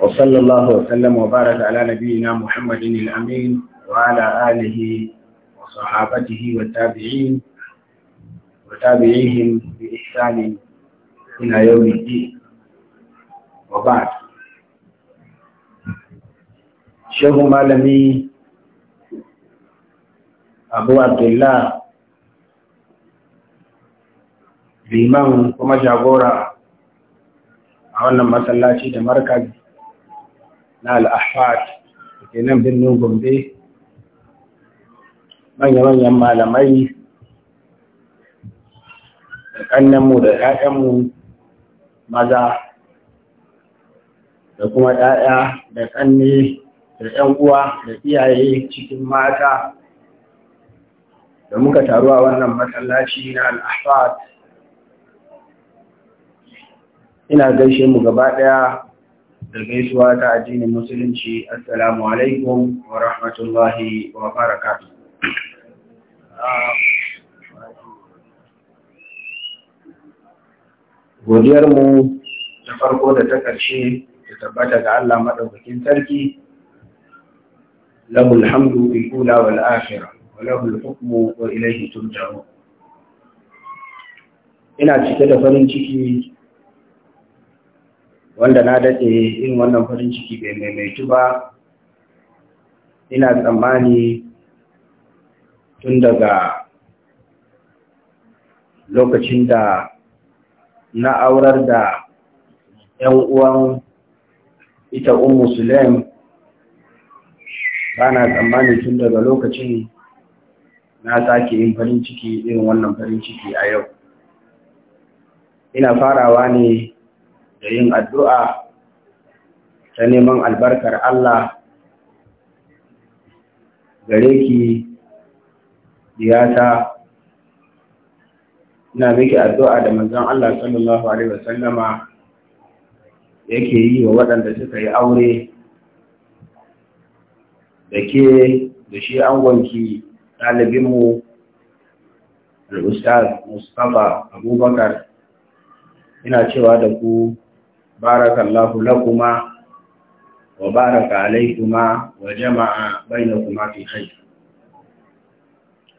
وصلى الله وسلم وبارك على نبينا محمد الأمين وعلى آله وصحابته والتابعين وتابعيهم بإحسان إلى يوم الدين وبعد شيخ مالمي أبو عبد الله liman kuma jagora a wannan masallaci da markazi na al'ahfad da ke nan birnin gombe manya-manyan malamai da ƙannenmu da ‘ya'yanmu maza da kuma ‘ya'ya da ƙanne da ƴan uwa da iyaye cikin mata da muka taru a wannan matsalaci na al'ahfad ina gaishe mu gaba ɗaya da gaisuwa ta addinin musulunci assalamu alaikum wa rahmatullahi wa faraka godiyarmu ta farko da ta ƙarshe ta tabbata ga Allah maɗaukakin sarki lahul hamdu bil kula wal akhirah wa lahul hukmu wa ilaihi turja'un ina cike da farin ciki wanda na daɗe irin wannan farin ciki bai maimaitu ba ina tsammani tun daga lokacin da na aurar da 'yan uwan ita un sulaim ba na tsammani tun daga lokacin na sake yin farin ciki irin wannan farin ciki a yau ina farawa ne da yin addu'a ta neman albarkar Allah gare ki diyata ina miki addu'a da manzon Allah sallallahu Alaihi wasallama yake yi wa waɗanda suka yi aure da ke da shi angonki ɗalibinmu al'ustar mustapha abubakar ina cewa da ku barakallahu lakuma wa baraka alaikuma wa jama'a bainakuma fi khair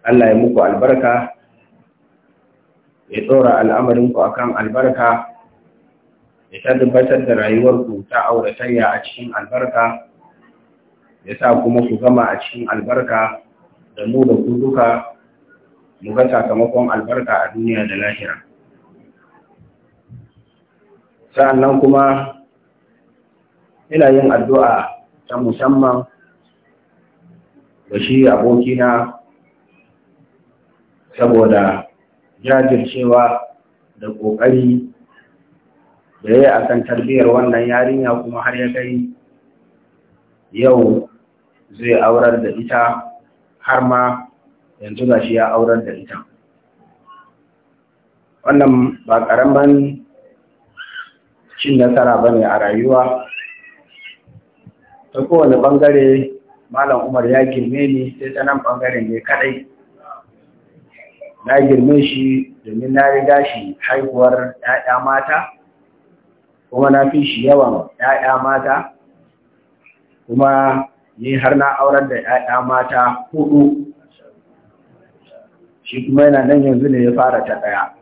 Allah ya muku albarka ya tsora al'amarinku akan albarka ya tabbatar da rayuwarku ta auratayya a cikin albarka ya sa kuma ku gama a cikin albarka da mu da ku duka mu ga sakamakon albarka a duniya da lahira sa'annan kuma ina yin addu'a ta musamman da shi abokina saboda jajircewa da ƙoƙari da ya akan tarbiyyar wannan yarinya kuma har ya kai yau zai aurar da ita har ma yanzu ga shi ya aurar da ita wannan ba ƙaramin cin nasara ba ne a rayuwa ta kowane ɓangare malam umar ya girme ni sai ta nan ɓangaren ne kaɗai na girme shi domin na riga shi haihuwar 'ya'ya mata kuma na fi shi yawan 'ya'ya mata kuma ni har na aurar da 'ya'ya mata hudu shi kuma yana nan yanzu ne ya fara ta ɗaya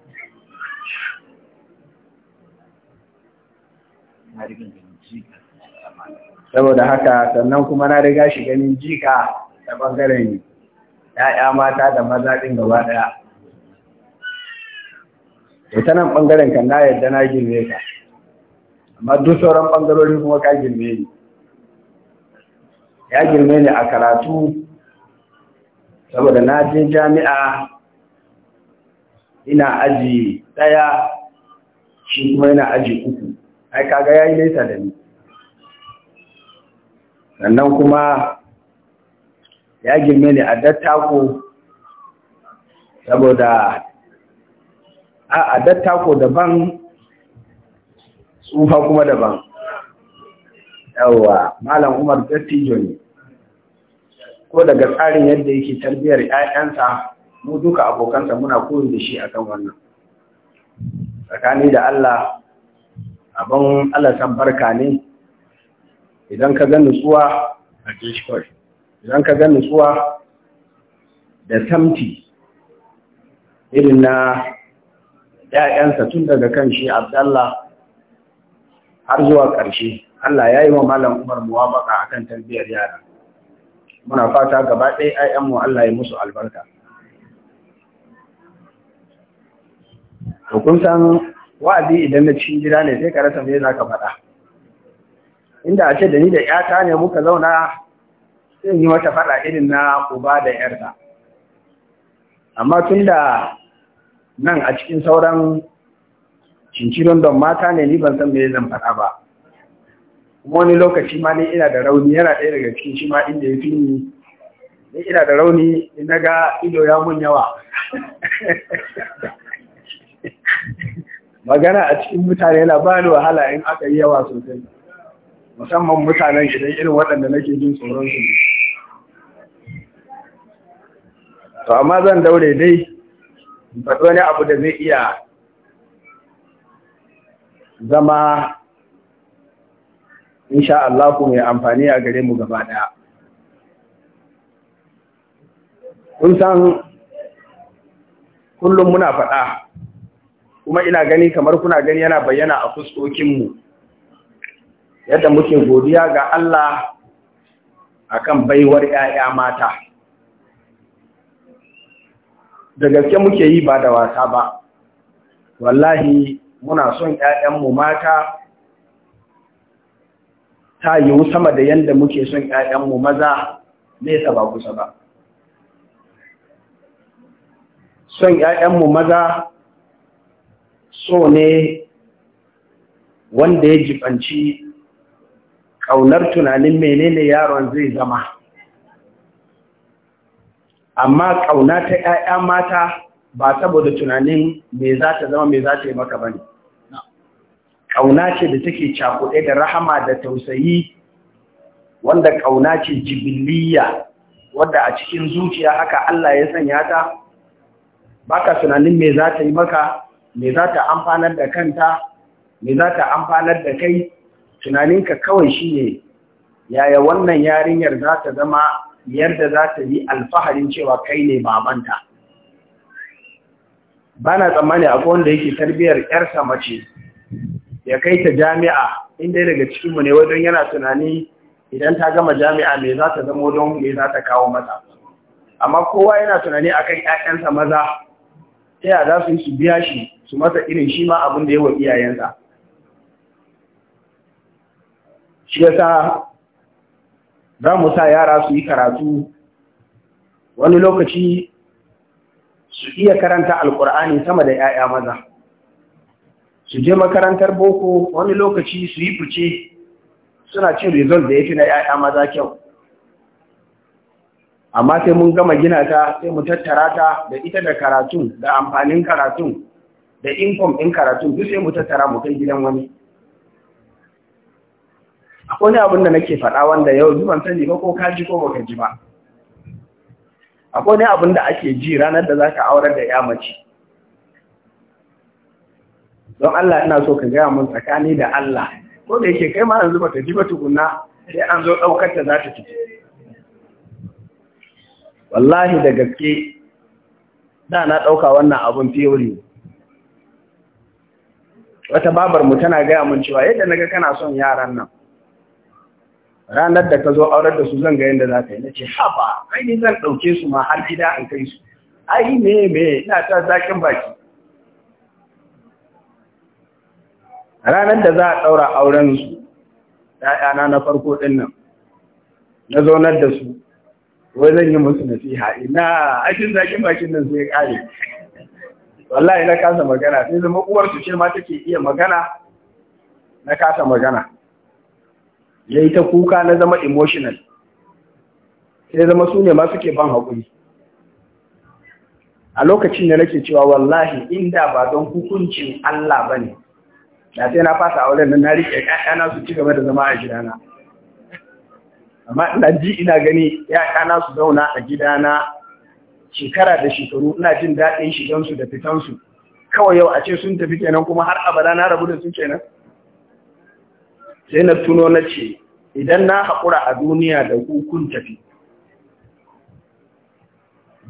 saboda haka sannan kuma na riga shi ganin jika ta bangaren ya'ya mata da maza ɗin gaba ɗaya to ta nan bangaren kan na yadda na girme ka amma duk sauran bangarori kuma ka girme ni ya girme ni a karatu saboda na je jami'a ina aji ɗaya shi kuma yana aji uku ai kaga yayi nesa da ni sannan kuma ya girme ni a dattako saboda a dattako daban tsufa kuma daban yawwa malam umar dattijo ne ko daga tsarin yadda yake tarbiyyar 'ya'yansa mu duka abokansa muna koyi da shi akan wannan tsakani da Allah abin alasan barka ne idan ka ga nutsuwa a idan ka gani suwa da samti irin na ‘ya'yansa tun daga kan shi abdallah har zuwa ƙarshe Allah ya yi wa malam umar muwabaka a kan tarbiyyar yara muna fata gaba ɗaya ‘ya'yanmu Allah ya musu albarka. Hukuntan wa'azi idan na cikin gida ne sai ka rasa me za ka faɗa inda a ce da ni da ƴata ne muka zauna sai yi mata faɗa irin na uba da ƴarta amma tun da nan a cikin sauran cincirin don mata ne ni ban san me zan faɗa ba kuma wani lokaci ma ni ina da rauni yana ɗaya daga cikin shi ma inda ya fi ni ni ina da rauni na ga ido ya mun yawa magana a cikin mutane na ba ni wahala in aka yi yawa sosai musamman mutanen idan irin waɗanda nake jin tsoron su to amma zan daure dai faɗi wani abu da zai iya zama insha Allah ku mai amfani a gare mu gaba ɗaya kun san kullum muna faɗa kuma ina gani kamar kuna gani yana bayyana a fuskokinmu yadda muke godiya ga Allah akan baiwar 'ya'ya mata da gaske muke yi ba da wasa ba wallahi muna son 'ya'yanmu mata ta yiwu sama da yadda muke son 'ya'yanmu maza nesa ba kusa ba son 'ya'yanmu maza so ne wanda ya jibanci ƙaunar tunanin menene yaron zai zama amma ƙauna ta ƴaƴa mata ba saboda tunanin me za ta zama me za ta yi maka ba ne. ƙauna ce da take cakuɗe da rahama da tausayi wanda ƙauna ce jibiliya wadda a cikin zuciya haka Allah ya sanya ta baka tunanin me za ta yi maka me za ta amfanar da kanta me za ta amfanar da kai tunaninka kawai shi ne yaya wannan yarinyar za ta zama yadda za ta yi alfaharin cewa kai ne babanta ba na tsammani akwai wanda yake tarbiyyar 'yarsa mace ya kai ta jami'a inda daga cikinmu ne wajen yana tunani idan ta gama jami'a me za ta zama don me za ta kawo mata amma kowa yana tunani akan 'ya'yansa maza ta yaya za su yi su biya shi su masa irin shi ma abin da yawan iyayensa shi ya sa za mu sa yara su yi karatu wani lokaci su iya karanta alkur'ani sama da 'ya'ya maza su je makarantar boko wani lokaci su yi fice suna cin result da ya fi na 'ya'ya maza kyau amma sai mun gama gina ta sai mu tattara ta da ita da karatun da amfanin karatun da inform ɗin karatun duk sai mu tattara mu kai gidan wani akwai wani abin da nake faɗa wanda yau zuwan sani ba ko ka ji ko baka ji ba akwai wani abin da ake ji ranar da za ka aurar da ya mace don Allah ina so ka gaya mun tsakani da Allah ko da yake kai ma yanzu ta ji ba tukunna sai an zo ɗaukar ta za ta fito wallahi da gaske da na ɗauka wannan abin theory wata babar mu tana gaya mun cewa yadda naga kana son yaran nan ranar da ka zo aurar da su zan ga yadda za ka yi nace haba ai ni zan dauke su ma har gida an kai su ai me me ina ta zakin baki ranar da za a daura auren su na farko din nan na zaunar da su wai zan yi musu nasiha ina ajin zakin bakin nan sai ya kare wallahi na kasa magana sai zama uwar su ce ma take iya magana na kasa magana yayi ta kuka na zama emotional sai zama su ne ma suke ban hakuri a lokacin da nake cewa wallahi inda ba don hukuncin Allah bane da sai na fasa aure nan na rike ƴaƴana su ci gaba da zama a gidana amma ina ji ina gani ƴaƴana su zauna a gidana shekara da shekaru ina jin daɗin shigansu da fitansu kawai yau a ce sun tafi kenan kuma har abada na rabu da su kenan sai na tuno na ce idan na haƙura a duniya da kukun tafi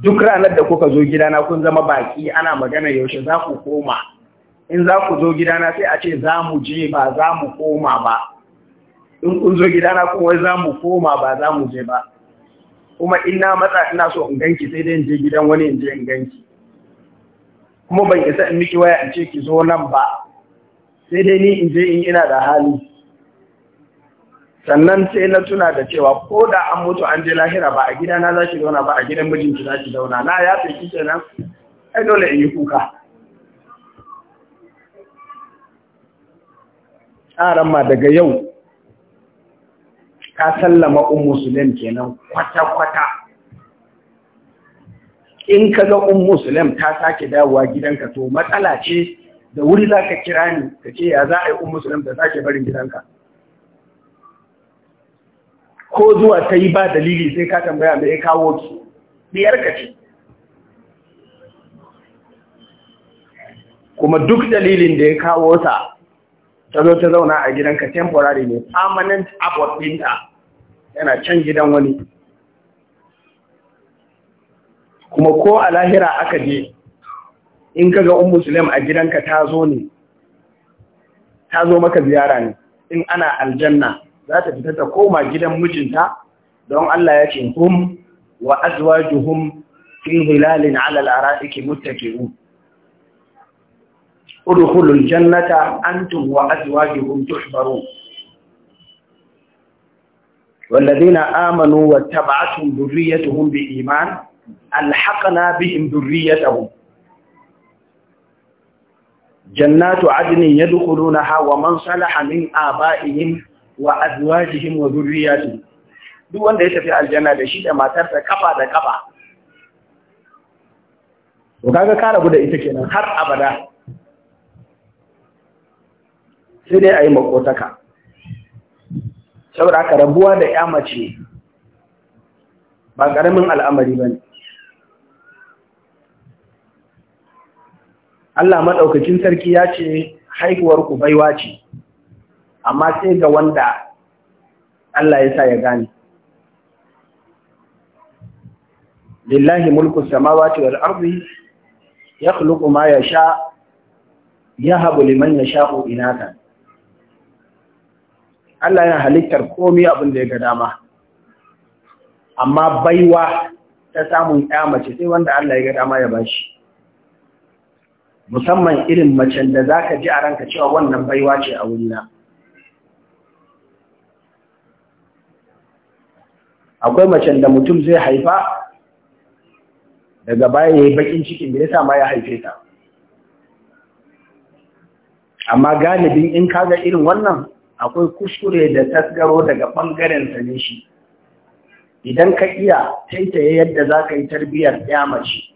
duk ranar da kuka zo gidana kun zama baki ana magana yaushe za ku koma in za ku zo gidana sai a ce za mu je ba za mu koma ba in kun zo gidana kuma za mu koma ba za mu je ba kuma ina matsa ina so in ganki sai dai in je gidan wani in je in ganki kuma ban isa in miki waya in ce ki zo nan ba sai dai ni in je in ina da hali sannan sai na tuna da cewa ko da an mutu an je lahira ba a gida na za ki zauna ba a gidan mijinki za ki zauna na ya fi kike nan ai dole in yi kuka ƙaran ma daga yau ka sallama un musulun kenan kwata-kwata in ka ga un musulun ta sake dawowa gidanka to matsala ce da wuri za ka kira ni ka ce ya za a yi un musulun da sake barin gidanka ko zuwa ta yi ba dalili sai ka tambaya mai kawo ki biyar ka ce kuma duk dalilin da ya kawo ta ta zo ta zauna a gidanka temporary ne permanent abort ɗinta yana can gidan wani kuma ko a lahira aka je in kaga ga musulun a gidanka ta zo ne ta zo maka ziyara ne in ana aljanna za ta fita ta koma gidan mijinta don Allah ya ce hum wa azwajuhum fi hilalin ala al'ara'iki muttaqi'un udkhulul jannata antum wa azwajuhum tuhbarun والذين آمنوا واتبعتهم ذريتهم بإيمان ألحقنا بهم ذريتهم جنات عدن يدخلونها ومن صلح من آبائهم وأزواجهم وذرياتهم duk wanda ya tafi aljanna da shi da matarsa kafa da kafa to kaga ka rabu da ita kenan har abada sai dai ayi makotaka saboda aka rabuwa da ya mace ba ƙaramin al'amari ba ne Allah maɗaukacin sarki ya ce haihuwar ku baiwa ce amma sai ga wanda Allah ya sa ya gane lillahi mulku samawati wal ardi yakhluqu ma yasha yahabu liman yasha'u inatan Allah yana halittar komai abin da ya ga dama amma baiwa ta samun ya mace sai wanda Allah ya ga dama ya ba shi musamman irin macen da za ka ji a ranka cewa wannan baiwa ce a wurina akwai macen da mutum zai haifa daga baya ya yi bakin cikin da ya sama ya haife ta amma galibin in kaga irin wannan akwai kuskure da tasgaro daga ɓangaren sa ne shi idan ka iya taitaye yadda za ka yi tarbiyyar ɗaya mace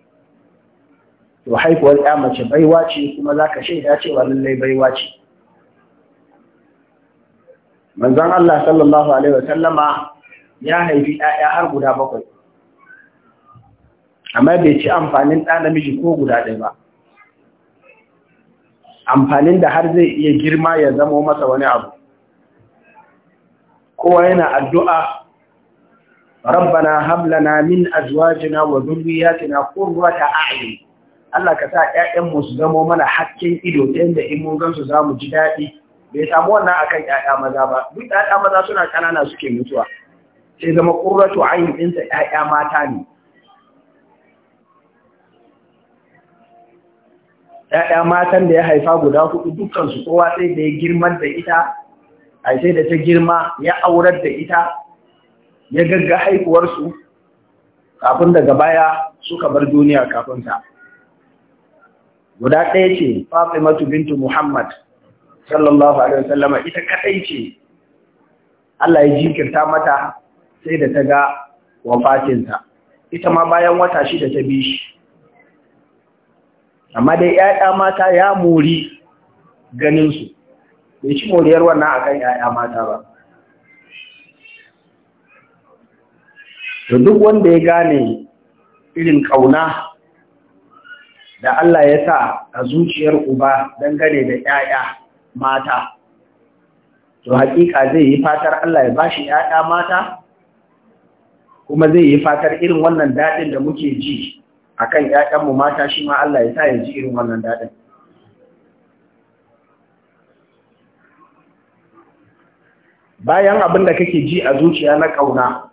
to haihuwar ya mace baiwa ce kuma za ka shaida cewa lallai baiwa ce manzon Allah sallallahu alaihi wasallama ya haifi ‘ya'ya har guda bakwai amma bai ci amfanin ɗa namiji ko guda ɗaya ba amfanin da har zai iya girma ya zama masa wani abu kowa yana addu'a rabbana hamlana min azwajina wa dhurriyyatina qurrata a'yun Allah ka sa ƴaƴan mu su zama mana hakkin ido ta yadda in mun gansu za mu ji daɗi bai samu wannan akan 'ya'ya maza ba duk ƴaƴa maza suna ƙanana suke mutuwa sai zama qurratu a'yun ɗinsa ƴaƴa mata ne ‘ya'ya matan da ya haifa guda hudu dukkansu kowa sai da ya girman da ita ai da ta girma ya aurar da ita ya gagga haihuwarsu kafin daga baya suka bar duniya kafin ta guda ɗaya ce Fatimatu bintu Muhammad sallallahu alaihi wasallama ita kadai ce Allah ya jinkirta mata sai da ta ga wafatinta ita ma bayan wata shida ta bi shi amma dai 'ya'ya mata ya muri ganinsu bai ci moriyar wannan akan ‘ya'ya mata ba. To duk wanda ya gane irin ƙauna da Allah ya sa a zuciyar uba dangane da ‘ya'ya mata, to hakika zai yi fatar Allah ya bashi ‘ya'ya mata, kuma zai yi fatar irin wannan daɗin da muke ji a kan ‘ya'yanmu mata shi ma Allah ya sa ya ji irin wannan daɗin. bayan abin da kake ji a zuciya na ƙauna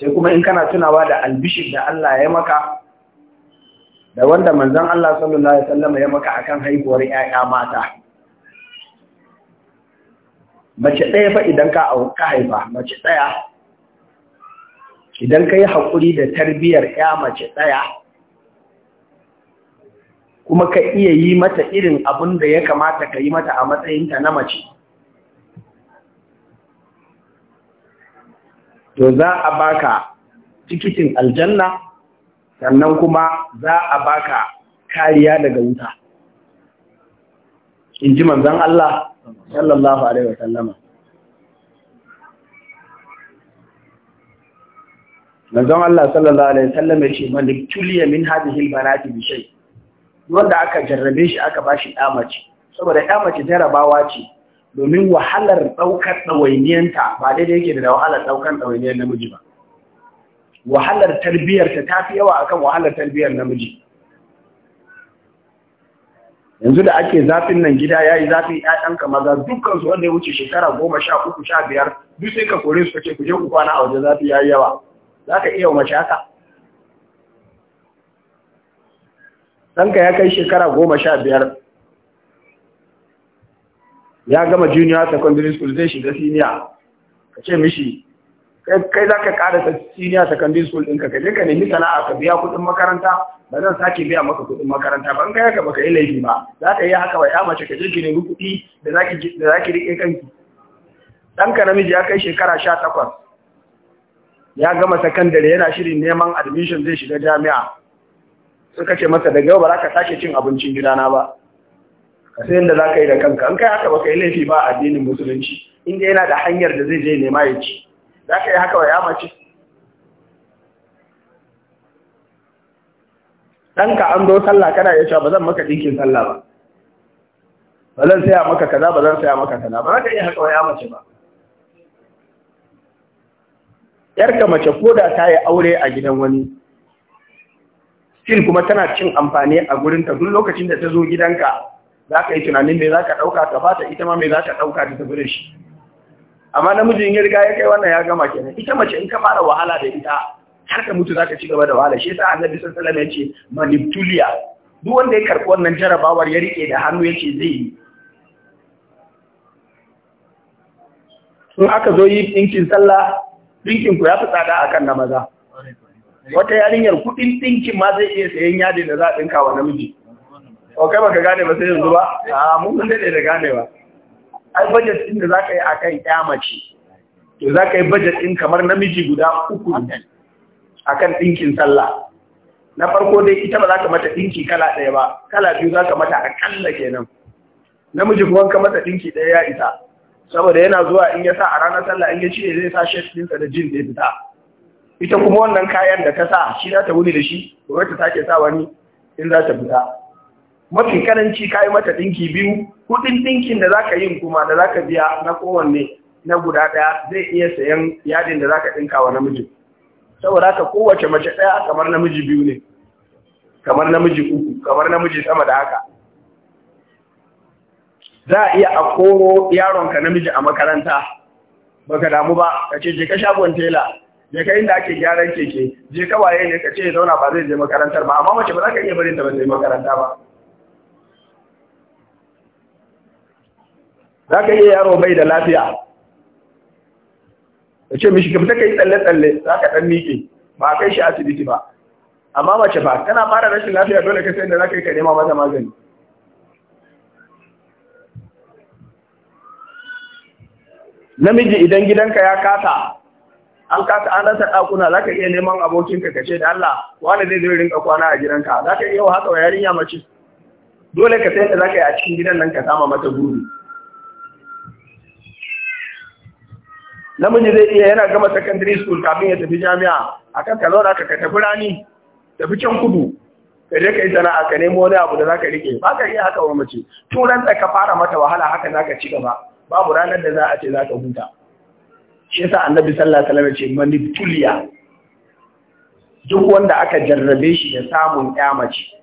sai kuma in kana tunawa da albishir da Allah ya maka da wanda manzon Allah sallallahu alaihi wasallam ya maka akan haihuwar 'ya'ya mata mace ɗaya fa idan ka ka haifa mace ɗaya idan ka yi da tarbiyyar 'ya mace ɗaya kuma ka iya yi mata irin abin da ya kamata ka yi mata a matsayinta na mace to za a baka tikitin aljanna sannan kuma za a baka kariya daga wuta in ji manzan Allah sallallahu alaihi wasallama manzan Allah sallallahu alaihi wasallama ya ce man tuliya min hadhihi albanati bi wanda aka jarrabe shi aka bashi damace saboda damace jarabawa ce domin wahalar ɗaukar ɗawainiyanta ba daidai yake da wahalar ɗaukar ɗawainiyar namiji ba wahalar tarbiyyarta ta fi yawa akan wahalar tarbiyyar namiji yanzu da ake zafin nan gida ya yi zafi ‘ya'yanka maza su wanda ya wuce shekara goma sha uku sha biyar duk sai ka kore su ka ku je ku kwana a waje zafi ya yi yawa za ka iya mace haka ɗanka ya kai shekara goma sha biyar ya gama junior secondary school zai shiga senior ka ce mishi kai za ka karasa senior secondary school ɗinka ka je ka nemi sana'a ka biya kuɗin makaranta ba zan sake biya maka kuɗin makaranta ban kai ka baka yi laifi ba za ka yi haka wa ya mace ka je ki nemi kuɗi da za ki riƙe kanki ɗanka namiji ya kai shekara sha takwas ya gama sakandare yana shirin neman admission zai shiga jami'a suka ce masa daga yau ba za ka sake cin abincin gidana ba ka sai yadda za ka yi da kanka an kai haka ba yi laifi ba addinin musulunci inda yana da hanyar da zai je nema ya ci za ka yi haka wa ya mace ka an zo sallah kana ya cewa ba zan maka ɗinkin sallah ba ba zan saya maka kaza ba zan saya maka kaza ba za ka yi haka wa ya mace ba Yar ka mace ko da ta yi aure a gidan wani still kuma tana cin amfani a ta duk lokacin da ta zo gidanka za ka yi tunanin mai za ka ɗauka ta fata ita ma mai za ka ɗauka ta tafi da shi amma namijin ya riga ya kai wannan ya gama kenan ita mace in ka fara wahala da ita har ka mutu za ka ci gaba da wahala shi yasa annabi sallallahu alaihi wasallam ya ce maniptulia duk wanda ya karɓi wannan jarabawar ya riƙe da hannu ya ce zai yi in aka zo yi ɗinkin sallah ɗinkin ku ya fi tsada akan na maza wata yarinyar kuɗin ɗinkin ma zai iya sayan yadi da za a ɗinka wa namiji okai ba baka gane ba sai yanzu ba a mun kun da gane ba ai budget din da zaka yi akan mace. to zaka yi budget din kamar namiji guda uku akan dinkin sallah na farko dai ita ba zaka mata dinki kala ɗaya ba kala biyu zaka mata akalla kenan namiji kuma ka mata dinki ɗaya ya isa saboda yana zuwa in ya sa a ranar sallah in ya cire zai sa shirt dinsa da jeans zai fita ita kuma wannan kayan da ka sa shi za ta wuni da shi ko ta sake sa wani in za ta fita mafi karanci ka yi mata ɗinki biyu kuɗin ɗinkin da zaka yin kuma da zaka biya na kowanne na guda ɗaya zai iya sayan yadin da zaka ɗinka wa namiji saboda haka kowace mace ɗaya kamar namiji biyu ne kamar namiji uku kamar namiji sama da haka za a iya a koro yaronka namiji a makaranta baka damu ba ka ce je ka shagon tela je ka inda ake gyaran keke je ka waye ne ka ce zauna ba zai je makarantar ba amma mace ba za ka iya barin ta ba zai makaranta ba za ka iya yaro bai da lafiya ya ce mishi kamta ka yi tsalle-tsalle za ka ɗan miƙe ba kai shi asibiti ba amma mace ba tana fara rashin lafiya dole ka sai da za ka yi ka nema mata magani namiji idan gidanka ya kata an kasa an rasa ɗakuna za ka iya neman abokinka ka ce da Allah wani zai zai rinka kwana a gidanka za ka iya haka wa yarinya mace dole ka sayar da za ka yi a cikin gidan nan ka sama mata guri namiji zai iya yana gama secondary school kafin ya tafi jami'a A kan ka zauna ka tafi rani tafi can kudu ka je ka yi sana'a ka nemo wani abu da za ka rike ba ka iya haka wa mace tun ran ka fara mata wahala haka za ka ci gaba babu ranar da za a ce za ka huta shi yasa annabi sallallahu alaihi wasallam ce manituliya duk wanda aka jarrabe shi da samun ya mace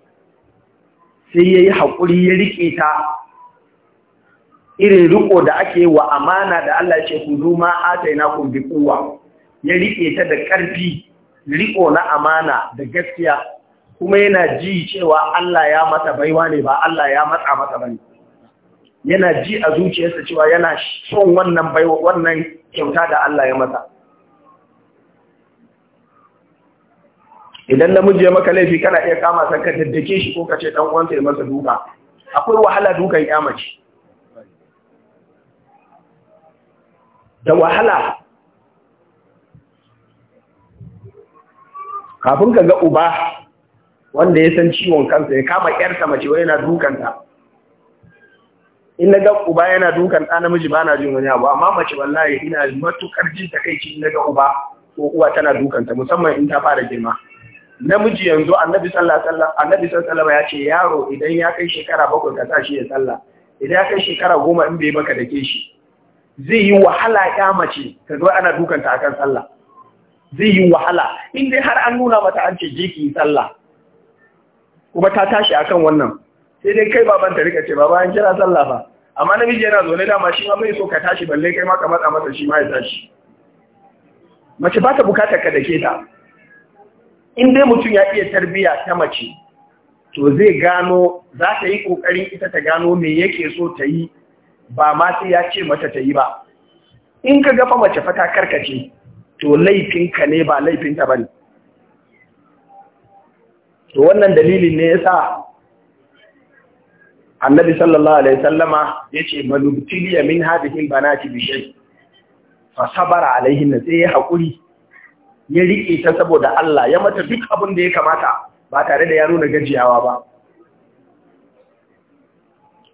sai yayi haƙuri ya rike ta irin riko da ake wa amana da Allah ya ce ku zo ma ataina kun bi kuwa ya rike ta da ƙarfi riko na amana da gaskiya kuma yana ji cewa Allah ya mata baiwa ne ba Allah ya matsa mata bane yana ji a zuciyarsa cewa yana son wannan baiwa wannan kyauta da Allah ya mata idan namiji ya maka laifi kana iya kama san ka daddake shi ko ka ce dan uwansa ya masa duka akwai wahala dukan ya mace da wahala kafin ka ga uba wanda ya san ciwon kansa ya kama yarsa mace wani yana dukanta in ga uba yana dukan ɗa namiji ba na jin wani abu amma mace wallahi ina matukar jin kai na ga uba ko uwa tana dukanta musamman in ta fara girma namiji yanzu annabi sallallahu alaihi wasallam ya ce yaro idan ya kai shekara bakwai ka sa shi ya sallah idan ya kai shekara goma in bai baka dake shi zai yi wahala ya mace ta zo ana dukanta a kan sallah zai yi wahala in har an nuna mata an ce je ki sallah kuma ta tashi akan wannan sai dai kai babanta rika ce bayan bayan kira sallah ba amma namiji yana zo ne dama shi ma bai so ka tashi balle kai ma ka matsa masa shi ma ya tashi mace ba ta bukatar ka dake ta in dai mutum ya iya tarbiya ta mace to zai gano za ta yi kokarin ita ta gano me yake so ta yi ba ma sai ya ce mata ta yi ba in ka gafa mace fata karkace to laifin ka ne ba laifinta ba ne to wannan dalilin ne ya sa annabi sallallahu alaihi sallama ya ce manubtiliya min hadihin banati bishai fa sabara alaihin na sai ya haƙuri ya riƙe ta saboda Allah ya mata duk abin da ya kamata ba tare da ya nuna gajiyawa ba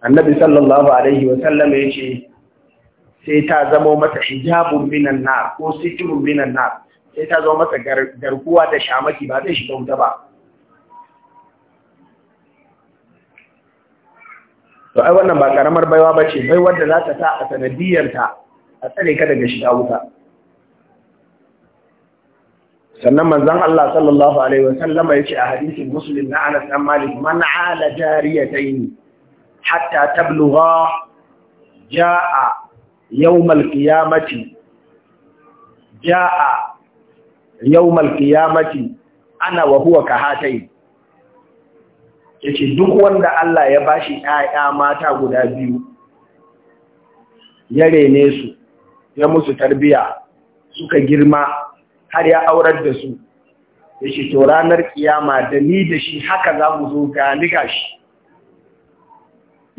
annabi sallallahu alaihi wa sallam ce sai ta zama mata hijabun minan na, ko sitirun minan na, sai ta zama mata garkuwa da shamaki ba zai shiga wuta ba to ai wannan ba karamar baiwa ba ce, baiwar da za ta sa a sanadiyarta a tsare ka daga shiga wuta sannan manzan Allah sallallahu alaihi wasallama ya ce a hadisin muslim na Anas dan Malik jariya ta yi hatta tablugha ja'a yawmal qiyamati ja'a yawmal qiyamati ana wa huwa kahatai yace duk wanda Allah ya bashi ƴaƴa mata guda biyu ya rene su ya musu tarbiya suka girma har ya aurar da su yace to ranar kiyama da ni da shi haka za mu zo ga shi.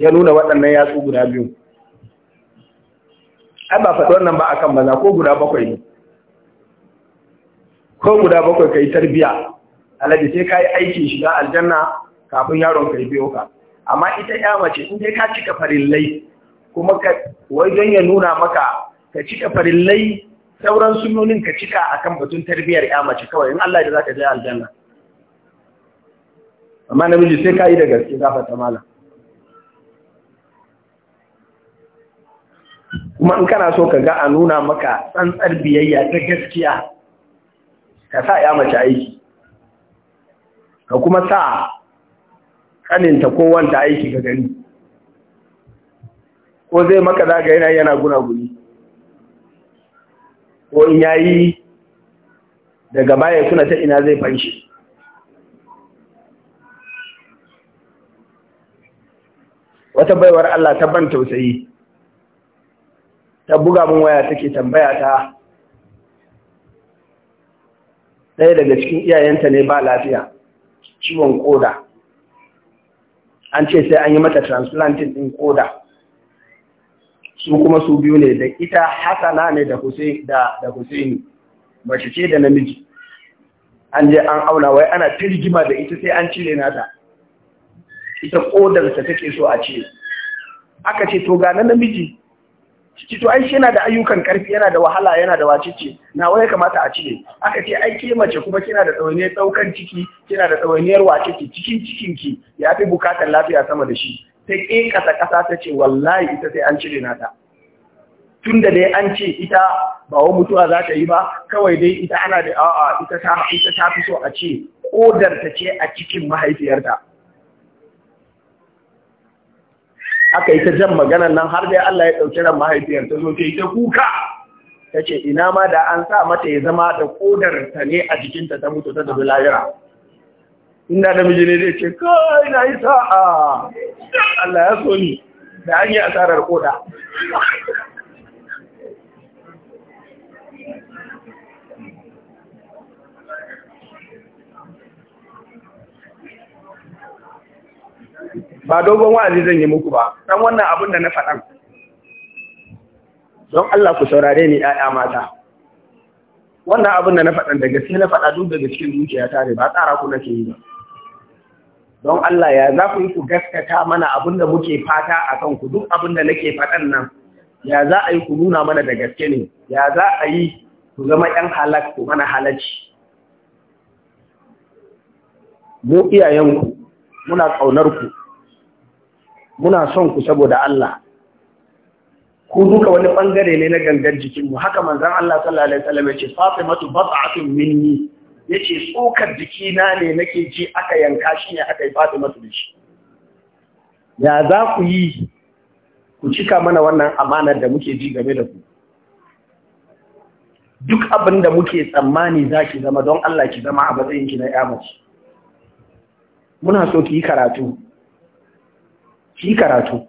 ya nuna waɗannan yatsu guda biyu ai ba faɗi wannan ba akan maza ko guda bakwai ne ko guda bakwai kai tarbiya alaji sai kai aikin shiga aljanna kafin yaron kai biyo ka amma ita ya mace in dai ka cika farillai kuma ka wai don ya nuna maka ka cika farillai sauran sunonin ka cika akan batun tarbiyar ya mace kawai in Allah za zaka je aljanna amma namiji sai ka yi da gaske za fata malam kuma in kana so ka ga a nuna maka tsantsar biyayya ta gaskiya ka sa ya mace aiki ka kuma sa kaninta ko aiki ga gani ko zai maka zaga yana yana guna-guni ko in yayi daga baya suna ta ina zai fanshi wata baiwar Allah ta ban tausayi ta buga min waya take tambaya ta ɗaya daga cikin iyayenta ne ba lafiya ciwon koda an ce sai an yi mata transplanting ɗin koda su kuma su biyu ne da ita hasana ne da husaini mace ce da namiji an je an auna wai ana tirgima da ita sai an cire nata ita ta take so a ce aka ce to ga namiji ciki to ai yana da ayyukan karfi yana da wahala yana da wacece na wai kamata a cire aka ce ai mace kuma kina da tsawaniyar tsaukan ciki kina da tsawaniyar wacece cikin cikin ki ya fi bukatar lafiya sama da shi sai ke kasa kasa ta ce wallahi ita sai an cire nata tun da dai an ce ita ba wa mutuwa za ta yi ba kawai dai ita ana da a'a ita ta fi so a ce kodar ta ce a cikin mahaifiyarta aka yi ta jan maganan nan har dai Allah ya ɗauki ran mahaifiyar ta zo ta yi kuka ta ce ina ma da an sa mata ya zama da kodar ta ne a jikinta ta mutu ta tafi lahira inda miji ne zai ce kai na yi sa'a Allah ya so ni da an yi asarar koda ba dogon wa'azi zan yi muku ba dan wannan abin da na faɗan don Allah ku saurare ni 'ya'ya mata wannan abin da na faɗan da gaske na faɗa duk daga cikin zuciya ta ba tsara ku nake yi ba don Allah ya za ku yi ku gaskata mana abin da muke fata a ku duk abin da nake faɗan nan ya za a yi ku nuna mana da gaske ne ya za a yi ku zama 'yan halak ku mana halacci mu iyayenku muna ƙaunar ku muna son ku saboda Allah ku duka wani bangare ne na gangar jikinmu haka manzon Allah sallallahu alaihi wasallam ya ce Fatimatu bat'atun minni yace tsokar jikina ne nake ji aka yanka shi ne aka yi Fatimatu da shi ya za ku yi ku cika mana wannan amanar da muke ji game da ku duk abin da muke tsammani za ki zama don Allah ki zama a matsayin ki na ya mace muna so ki yi karatu ki yi karatu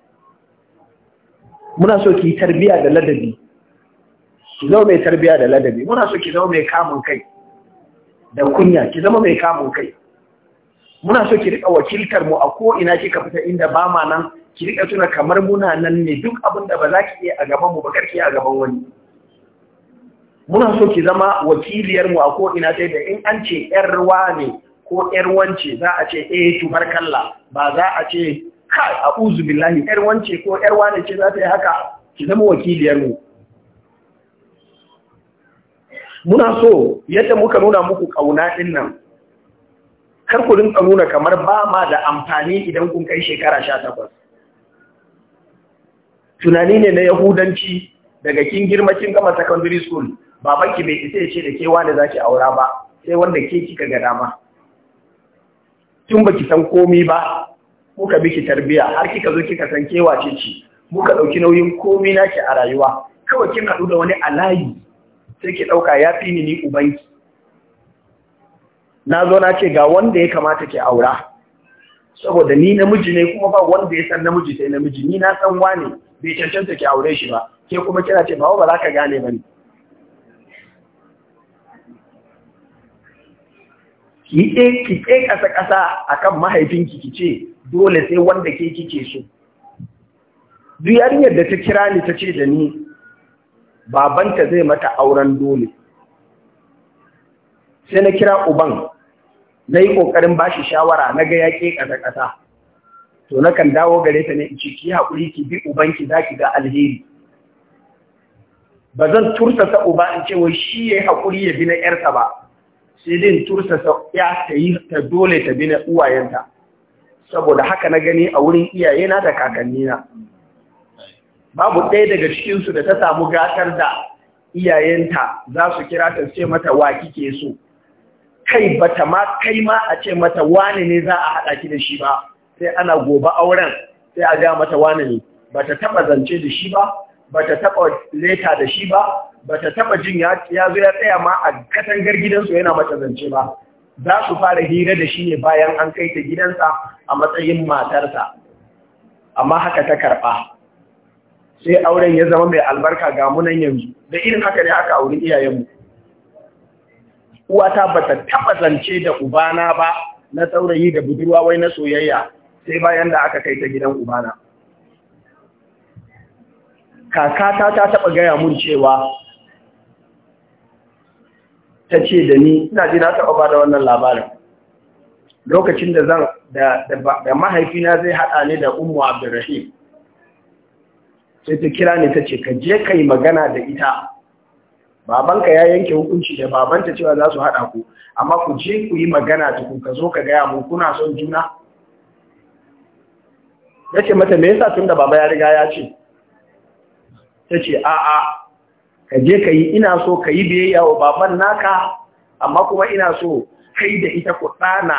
muna so ki yi tarbiya da ladabi ki zama mai tarbiya da ladabi muna so ki zama mai kamun kai da kunya ki zama mai kamun kai muna so ki rika wakiltar mu a ko ina kika fita inda ba ma nan ki rika tuna kamar muna nan ne duk abin da ba za ki iya a gaban mu ba karki a gaban wani muna so ki zama wakiliyar mu a ko ina sai da in an ce yar ruwa ne ko yar wance za a ce eh tubarkalla ba za a ce kai a billahi yar wance ko yar wane ce za ta yi haka ki zama wakiliyar muna so yadda muka nuna muku ƙauna din nan kar ku rinka nuna kamar ba ma da amfani idan kun kai shekara sha takwas tunani ne na yahudanci daga kin girma kin gama secondary school babanki bai isa ce da ke za zaki aura ba sai wanda ke kika ga dama tun baki san komi ba muka biki tarbiya har kika zo kika san kewa ce muka ɗauki nauyin komai naki a rayuwa kawai kin haɗu da wani alayi sai ki ɗauka ya fi ni ni ubanki na zo na ce ga wanda ya kamata ki aura saboda ni namiji ne kuma ba wanda ya san namiji sai namiji ni na san wane bai cancanta ki aure shi ba ke kuma kina ce ba ba za ka gane ba ki ɗe ki ɗe ƙasa ƙasa akan mahaifinki ki ce dole sai wanda ke kike so duk yarinyar da ta kira ni ta ce da ni babanta zai mata auren dole sai na kira uban na yi ƙoƙarin ba shi shawara na ga yaƙe ƙasa ƙasa to na kan dawo gare ta ne in ce ki haƙuri ki bi ubanki za ki ga alheri ba zan tursasa uba in ce wai shi ya yi haƙuri ya bi na ‘yarsa ba sai din tursasa ya ta yi ta dole ta bi na uwayenta saboda haka na gani a wurin iyayena da kakannina babu ɗaya daga cikinsu da ta samu gatar da iyayenta za su kira ta ce mata wa kike so kai bata ma kai ma a ce mata wani ne za a haɗa ki da shi ba sai ana gobe auren sai a ga mata wani ne bata taɓa zance da shi ba bata taɓa leta da shi ba bata taɓa jin ya zo ya tsaya ma a katangar gidansu yana mata zance ba za su fara hira da shi ne bayan an kai ta gidansa a matsayin matarsa amma haka ta karɓa sai auren ya zama mai albarka ga munan yanzu da irin haka ne aka auri iyayenmu uwata bata ta taɓa zance da ubana ba na saurayi da budurwa wai na soyayya sai bayan da aka kai ta gidan ubana kakata ta taɓa gaya mun cewa ta ce da ni ina ji na taɓa ba da wannan labarin lokacin da zan da mahaifina zai haɗa ne da umu abdurrahim sai ta kira ni ta ce ka je ka yi magana da ita babanka ya yanke hukunci da babanta cewa za su haɗa ku amma ku je ku yi magana ku ka zo ka gaya mu kuna son juna ya ce mata me yasa tun da baba ya riga ya ce ta ce a'a ka je ka yi ina so ka yi biyayya wa baban naka amma kuma ina so kai da ita ku ɗana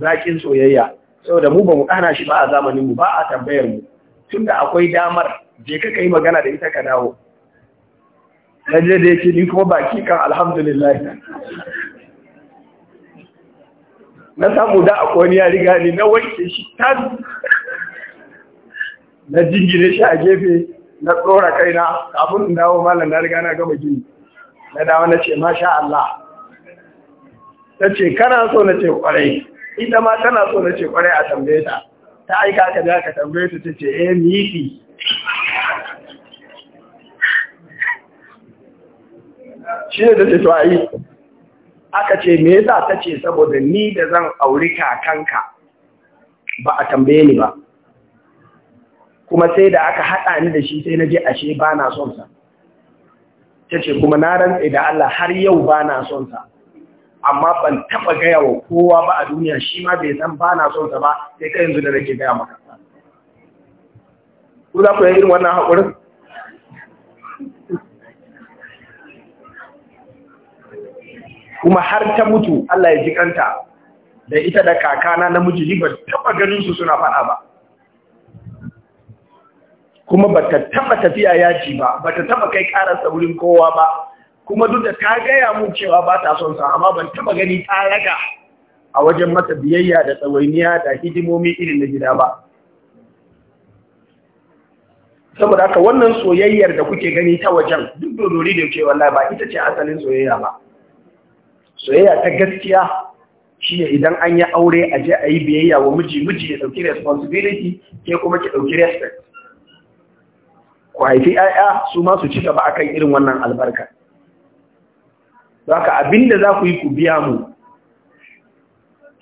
zaƙin soyayya saboda mu ba mu ɗana shi ba a zamaninmu ba a tambayar mu tunda akwai damar je ka yi magana da ita ka dawo lalle da yake ni kuma baki kan alhamdulillah na samu da akwai wani yari riga na wanke shi tan na jingine shi a gefe na tsora kaina kafin in dawo malam na riga na gama gini na dawo na ce masha Allah ta ce kana so na ce kwarai ita ma tana so na ce kwarai a tambaye ta ta aika ka da ka tambaye ta ta ce eh miki shi ne ta ce to ayi aka ce me yasa ta ce saboda ni da zan auri kakanka ba a tambaye ni ba kuma sai da aka haɗa ni da shi sai na je ashe ba na son ta ce kuma na rantse da Allah har yau ba na son sa amma ban taɓa gaya wa kowa ba a duniya shi ma bai san ba na son sa ba sai ka yanzu da nake gaya maka ku za ku wannan haƙurin kuma har ta mutu Allah ya ji kanta da ita da kakana namiji ba taɓa ganin su suna faɗa ba kuma bata taba tafiya yaji ba bata taba kai ƙara wurin kowa ba kuma duk da ta gaya mun cewa ba ta son sa amma ban taba gani ta raga a wajen mata biyayya da tsawainiya da hidimomi irin na gida ba saboda haka wannan soyayyar da kuke gani ta wajen duk da dori da ke wallahi ba ita ce asalin soyayya ba soyayya ta gaskiya shi ne idan an yi aure a je a yi biyayya wa miji miji ya ɗauki responsibility ke kuma ki ɗauki respect ku haifi ‘ya'ya su ma su ci gaba akan irin wannan albarka. Za ka abin da za ku yi ku biya mu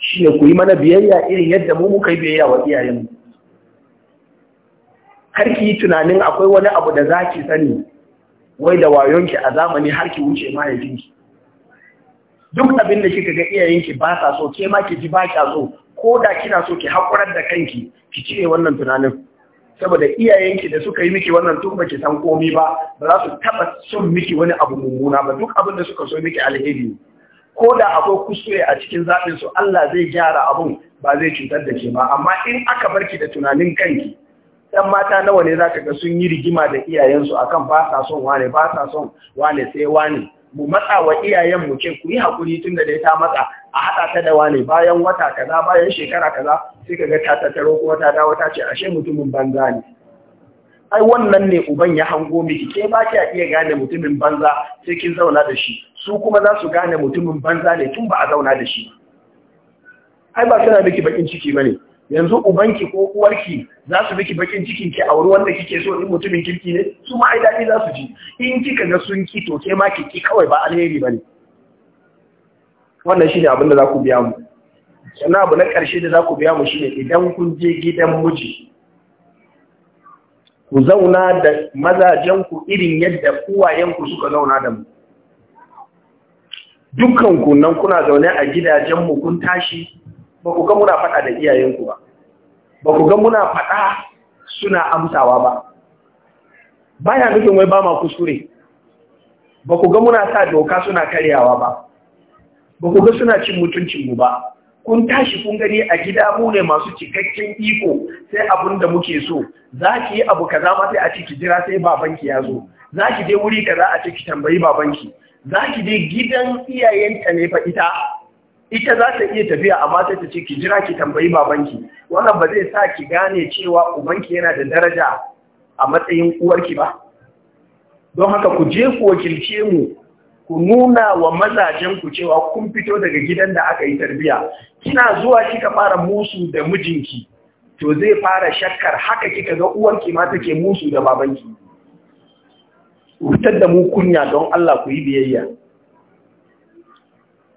shi ne ku yi mana biyayya irin yadda mu muka yi biyayya wa iyayenmu. Har ki yi tunanin akwai wani abu da za ki sani wai da wayonki a zamani har ki wuce mahaifinki. Duk abin da kika ga iyayenki ba sa so, ke ma ki ji ba kya so, ko da kina so ki haƙurar da kanki, ki cire wannan tunanin. saboda iyayenki da suka yi miki wannan tun baki san komi ba ba za su taba son miki wani abu mummuna ba duk abin da suka so miki alheri ko da akwai kuskure a cikin zaɓin su Allah zai gyara abun ba zai cutar da ke ba amma in aka barki da tunanin kanki dan mata nawa ne zaka ga sun yi rigima da iyayensu akan ba sa son wane ba sa son wane sai wane mu matsa wa iyayen mu ce ku yi hakuri tun da dai ta matsa a haɗa ta da wani bayan wata kaza bayan shekara kaza sai ka ga ta taro wata ta dawo ta ce ashe mutumin banza ne ai wannan ne uban ya hango miki ke ba ki iya gane mutumin banza sai kin zauna da shi su kuma za su gane mutumin banza ne tun ba a zauna da shi ai ba suna miki bakin ciki bane yanzu ubanki ko uwarki za su miki bakin cikin ki auri wanda kike so in mutumin kirki ne su ma ai dadi za su ji in kika ga sun ki to ke ma ki kawai ba alheri bane wannan shine abin da za ku biya mu sannan abu na ƙarshe da za ku biya mu shine idan kun je gidan muji. ku zauna da mazajenku irin yadda uwayenku suka zauna da mu dukkan ku nan kuna zaune a gidajen mu kun tashi ba ku ga muna faɗa da iyayenku ba ba ku ga muna faɗa suna amsawa ba baya nufin wai ba ma kuskure ba ku ga muna sa doka suna karyawa ba ba ku ga suna cin mutuncinmu ba kun tashi kun gani a gida mu ne masu cikakken iko sai abun da muke so za ki yi abu kaza ma sai a ciki jira sai babanki ya zo za ki je wuri kaza a ki tambayi babanki za ki je gidan iyayenta ne fa ita ita za ta iya tafiya amma sai ta ce ki jira ki tambayi babanki wannan ba zai sa ki gane cewa ubanki yana da daraja a matsayin uwarki ba don haka ku je ku wakilce mu ku nuna wa mazajen ku cewa kun fito daga gidan da aka yi tarbiya kina zuwa kika fara musu da mijinki to zai fara shakkar haka kika ga uwarki ma take musu da babanki fitar da mu kunya don Allah ku yi biyayya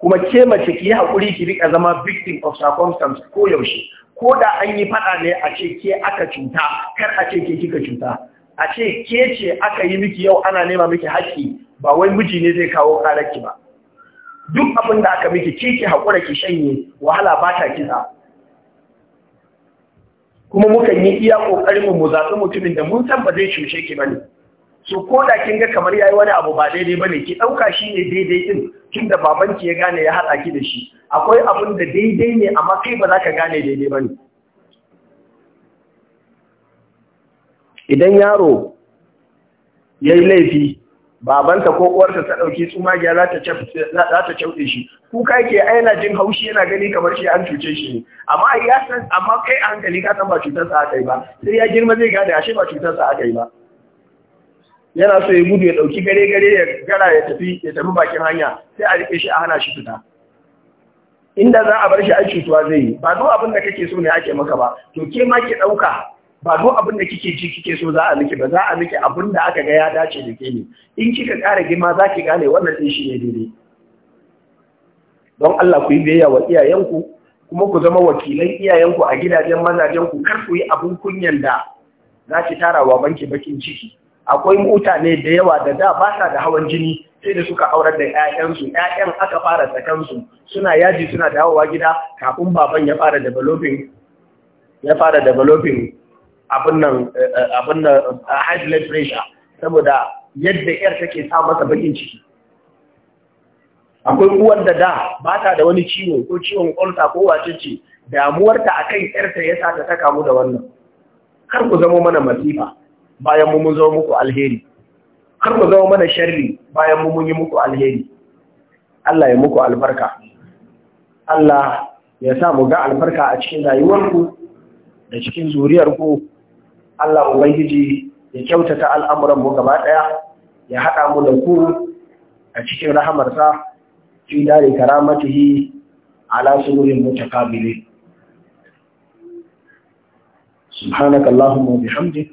kuma ke mace ki yi haƙuri ki rika zama victim of circumstance ko yaushe ko da an yi faɗa ne a ce ke aka cuta kar a ce ke kika cuta a ce ke ce aka yi miki yau ana nema miki haƙƙi ba wai miji ne zai kawo ƙararki ba duk abin da aka miki ke ki haƙura ki shanye wahala ba ta kisa kuma mukan yi iya ƙoƙarin mu zaɓi mutumin da mun san ba zai cuce ki ba so ko da kin ga kamar yayi wani abu ba daidai bane ki dauka shi ne daidai din tunda babanki ya gane ya hada ki da shi akwai abun da daidai ne amma kai ba za ka gane daidai bane idan yaro yayi laifi babanta ko uwarsa ta dauki tsumagiya za ta za ta cauɗe shi kuka yake aina jin haushi yana gani kamar shi an cuce shi ne amma ya san amma kai a hankali ka san ba cutar sa aka yi ba sai ya girma zai gane ashe ba cutar sa aka yi ba yana so ya gudu ya ɗauki gare gare ya gara ya tafi ya tafi bakin hanya sai a rike shi a hana shi fita inda za a bar shi ai cutuwa zai yi ba duk abin kake so ne ake maka ba to ke ma ki ɗauka ba duk abin kike ji kike so za a miki ba za a miki abin da aka ga ya dace da ke ne in kika ƙara girma za ki gane wannan ɗin shi ne daidai don Allah ku yi biyayya wa iyayenku kuma ku zama wakilan iyayenku a gidajen mazajenku kar ku yi abin kunyan da za ki tara wa banki bakin ciki akwai mutane da yawa da da ba sa da hawan jini sai da suka aurar da 'ya'yansu 'ya'yan aka fara su, suna yaji suna dawowa gida kafin baban ya fara developing ya fara developing abin nan eh, abin nan eh, high blood pressure saboda yadda yar take sa masa bakin ciki akwai uwar da da ba ta da wani ciwo ko ciwon kwalta ko wacece damuwarta akan yarta yasa ta kamu da wannan kar ku zama mana masifa bayan mu mun zama muku alheri kar ku zama mana sharri bayan mu mun yi muku alheri Allah ya muku albarka Allah ya sa mu ga albarka a cikin rayuwarku da cikin zuriyarku Allah ubangiji ya kyautata al'amuran mu gaba daya ya haɗa mu da ku a cikin rahamarsa fi dare karamatihi ala sururin mutakabilin سبحانك اللهم وبحمدك